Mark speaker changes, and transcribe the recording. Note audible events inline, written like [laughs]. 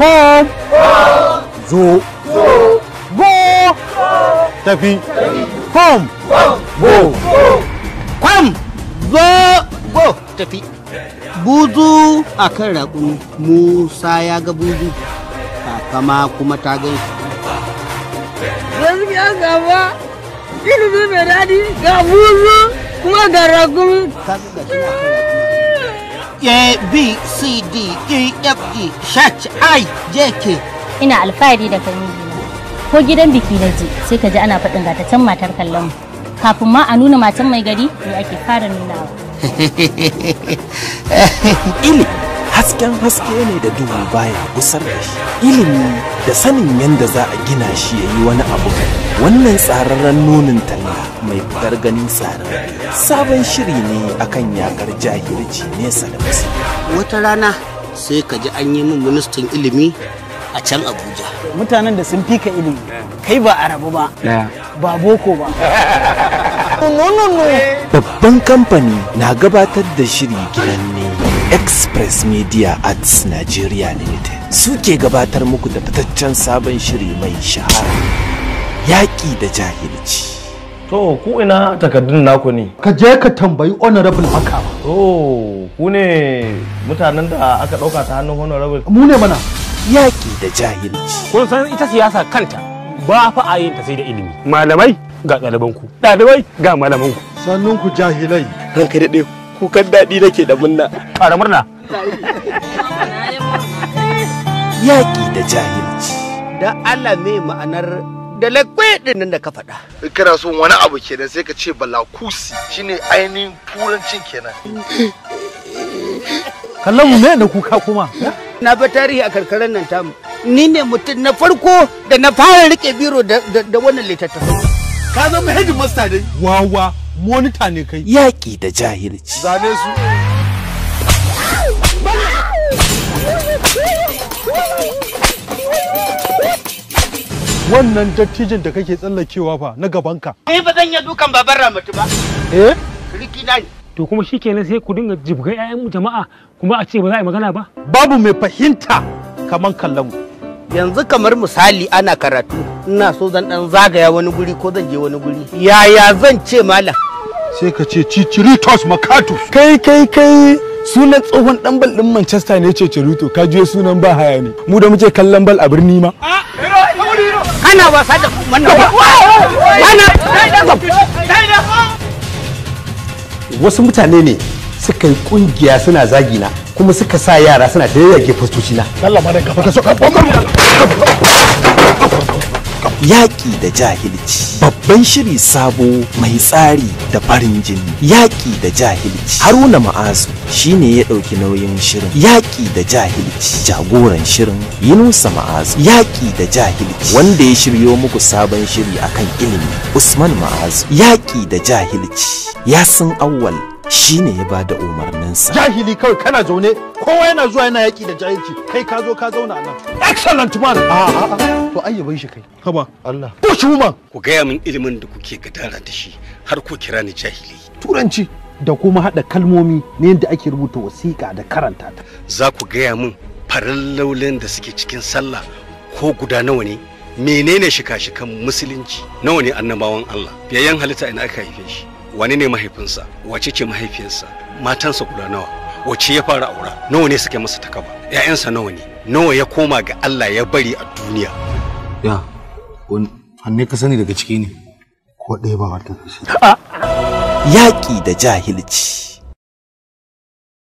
Speaker 1: Home. Zo. Zo. Go. Go. Tafi. Home. Go. Go. Kwam. Zo. Go. Tafi. Buzu a kan raƙumi, Musa ya ga buzu, kama kuma ta gan shi. ya gaba, ilimi mai daɗi ga buzu kuma ga raƙumi. Ka ga shi A B C D E F E H I J K ina alfahari da kai mijina ko gidan biki na ji sai ka ji ana faɗin gataccen matar kallon kafin ma a nuna matan mai gari me ake fara nuna wa. [laughs] ilimi hasken haske ne da duhu baya gusar da shi ilimi da sanin yadda za a gina shi ya yi wani abu wannan tsararren ta talla mai fitar ganin tsarin sabon shiri ne akan yakar jahilci nesa da masu wata rana sai ka ji an yi min ministan ilimi a can abuja mutanen da sun fi ka ilimi kai ba arabu ba ba boko ba [laughs] babban kamfani na gabatar da shiri gidan ne express media arts nigeria limited suke gabatar muku da fitaccen sabon shiri mai shahara yaƙi da jahilci to ku ina takardun naku ne ka je ka tambayi honorable haka to ku ne mutanen da aka ɗauka ta hannun honorable mu ne mana yaƙi da jahilci kun san ita siyasa kanta ba fa a yin ta sai da ilimi malamai ga ɗalibanku ɗalibai ga malamanku sannun ku jahilai ranka daɗe kukan daɗi nake da murna ƙara murna yaƙi da jahilci da Allah ma'anar da ɗin nan da ka faɗa. kana son wani abu kenan sai ka ce balakusi shine ainihin turancin kenan. [laughs] kallon mu ne da kuka kuma. na ba tarihi a karkarar nan tamu ni ne mutum na farko da na fara rike biro da wannan littattafai. ka zama hedin master dai. wawa monita ne kai. yaƙi da jahilci. zane su. [laughs] Wannan dattijin da kake tsallakewa fa na gabanka. Eh ba zan yi dukan baban Ramatu ba. Eh? Riki na ne. To kuma shikenan sai ku dinga jibga ƴaƴan jama'a kuma a ce ba za a yi magana ba. Babu mai fahimta kaman kallon Yanzu kamar misali ana karatu ina so zan dan zagaya wani guri ko zan je wani guri. Yaya zan ce malam? Sai ka ce Chichiritos Makatus. Kai kai kai sunan tsohon dan bal din Manchester ne ce Cerito ka je sunan ba haya ne mu da muke kallon bal a birni ma ah, kana wasa da wannan wasu mutane ne suka yi kungiya suna zagina kuma suka sa yara suna da yayyage fastoci na Allah ma da ka so ka yaƙi da jahilci babban shiri sabo mai tsari da farin jini yaƙi da jahilci haruna ma'azu shine ya ɗauki nauyin shirin yaƙi da jahilci jagoran shirin yunusa ma'azu yaƙi da jahilci wanda ya shiryo muku sabon shiri akan ilimi usman ma'azu yaƙi da jahilci yasin awwal shi ne ya ba da umarninsa jahili kawai kana zaune kowa yana zuwa yana yaki da jahilci kai ka zo ka zauna nan excellent man a a to ayyaban shi kai haba Allah push woman ku gaya min ilimin da kuke gadara da shi har ku kira ni jahili turanci da kuma haɗa kalmomi ne yadda ake rubuta wasiƙa da karanta ta za ku gaya min farallolin da suke cikin sallah ko guda nawa ne menene shika-shikan musulunci nawa ne annabawan Allah biyayyen halitta ina aka haife shi wani ne mahaifinsa wace ce mahaifiyarsa matansa guda nawa wace ya fara aura nawa ne suke masa takaba ya'yansa nawa ne nawa ya koma ga Allah ya bari a duniya ya wanne ka sani daga ciki ne ko ɗaya ba wata yaƙi da jahilci